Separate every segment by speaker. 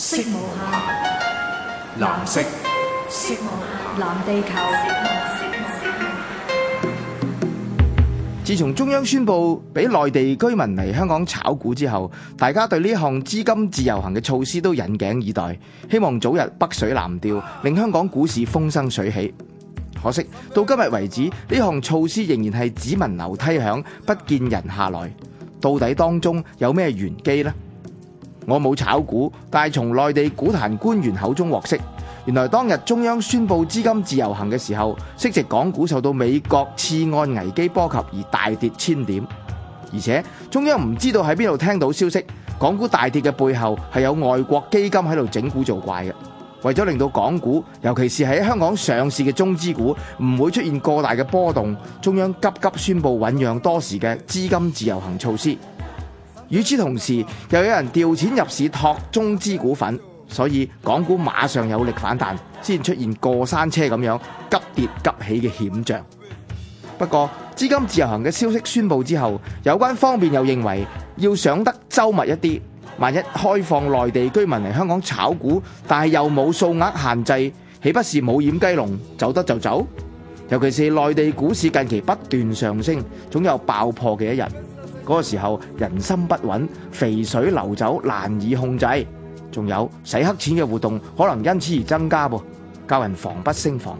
Speaker 1: 色無限，藍色。色無限，藍地球。自從中央宣布俾內地居民嚟香港炒股之後，大家對呢一項資金自由行嘅措施都引頸以待，希望早日北水南調，令香港股市風生水起。可惜到今日為止，呢項措施仍然係只聞樓梯響，不見人下來。到底當中有咩玄機呢？我冇炒股，但係從內地股壇官員口中獲悉，原來當日中央宣布資金自由行嘅時候，市值港股受到美國次按危機波及而大跌千點，而且中央唔知道喺邊度聽到消息，港股大跌嘅背後係有外國基金喺度整蠱做怪嘅，為咗令到港股，尤其是喺香港上市嘅中資股唔會出現過大嘅波動，中央急急宣布醞釀多時嘅資金自由行措施。與此同時，又有人調錢入市托中資股份，所以港股馬上有力反彈，先出現過山車咁樣急跌急起嘅險象。不過，資金自由行嘅消息宣布之後，有關方面又認為要想得周密一啲，萬一開放內地居民嚟香港炒股，但係又冇數額限制，豈不是冇掩雞籠，走得就走？尤其是內地股市近期不斷上升，總有爆破嘅一日。嗰個時候人心不穩，肥水流走難以控制，仲有洗黑錢嘅活動可能因此而增加噃，教人防不勝防，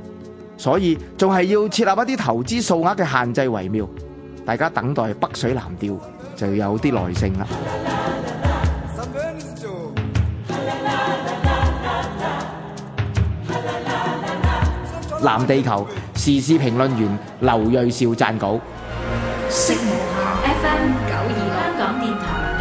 Speaker 1: 所以仲係要設立一啲投資數額嘅限制為妙。大家等待北水南調就有啲耐性啦。藍地球時事評論員劉銳紹撰稿。